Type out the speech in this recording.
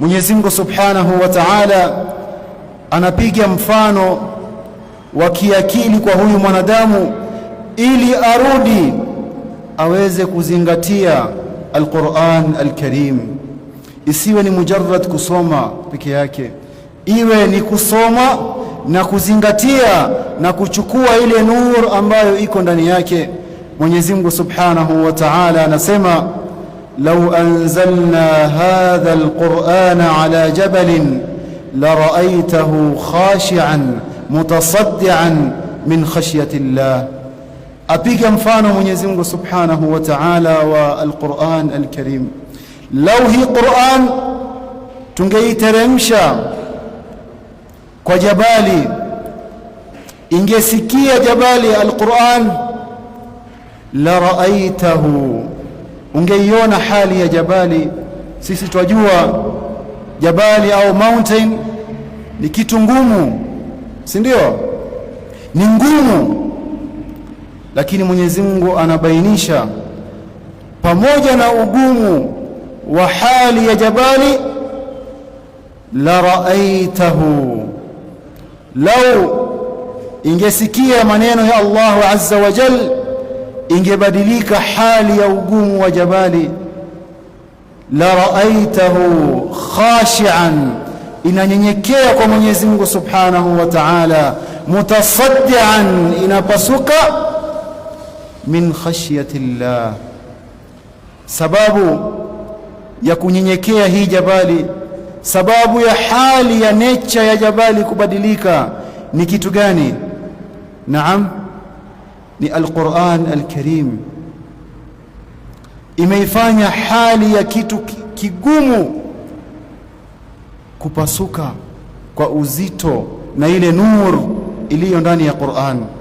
Mwenyezi Mungu Subhanahu wa Ta'ala anapiga mfano wa kiakili kwa huyu mwanadamu ili arudi aweze kuzingatia Alquran Alkarim, isiwe ni mujarrad kusoma peke yake, iwe ni kusoma na kuzingatia na kuchukua ile nur ambayo iko ndani yake. Mwenyezi Mungu Subhanahu wa Ta'ala anasema لو انزلنا هذا القران على جبل لرايته خاشعا متصدعا من خشيه الله ابيك مفانه من يزمه سبحانه وتعالى والقران الكريم لو هي قران تنجي ترمشا كجبالي انجسكي جبالي القران لرايته ungeiona hali ya jabali. Sisi twajua jabali au mountain ni kitu ngumu, si ndio? Ni ngumu, lakini Mwenyezi Mungu anabainisha pamoja na ugumu wa hali ya jabali, la raaitahu, lau ingesikia maneno ya Allahu azza wa jalla ingebadilika hali ya ugumu wa jabali, la raaitahu khashian, inanyenyekea kwa Mwenyezi Mungu subhanahu wa ta'ala, mutasaddian, inapasuka min khashyati llah. Sababu ya kunyenyekea hii jabali, sababu ya hali ya necha ya jabali kubadilika ni kitu gani? Naam ni Alquran Alkarim. Imeifanya hali ya kitu kigumu kupasuka kwa uzito na ile nur iliyo ndani ya Qur'an.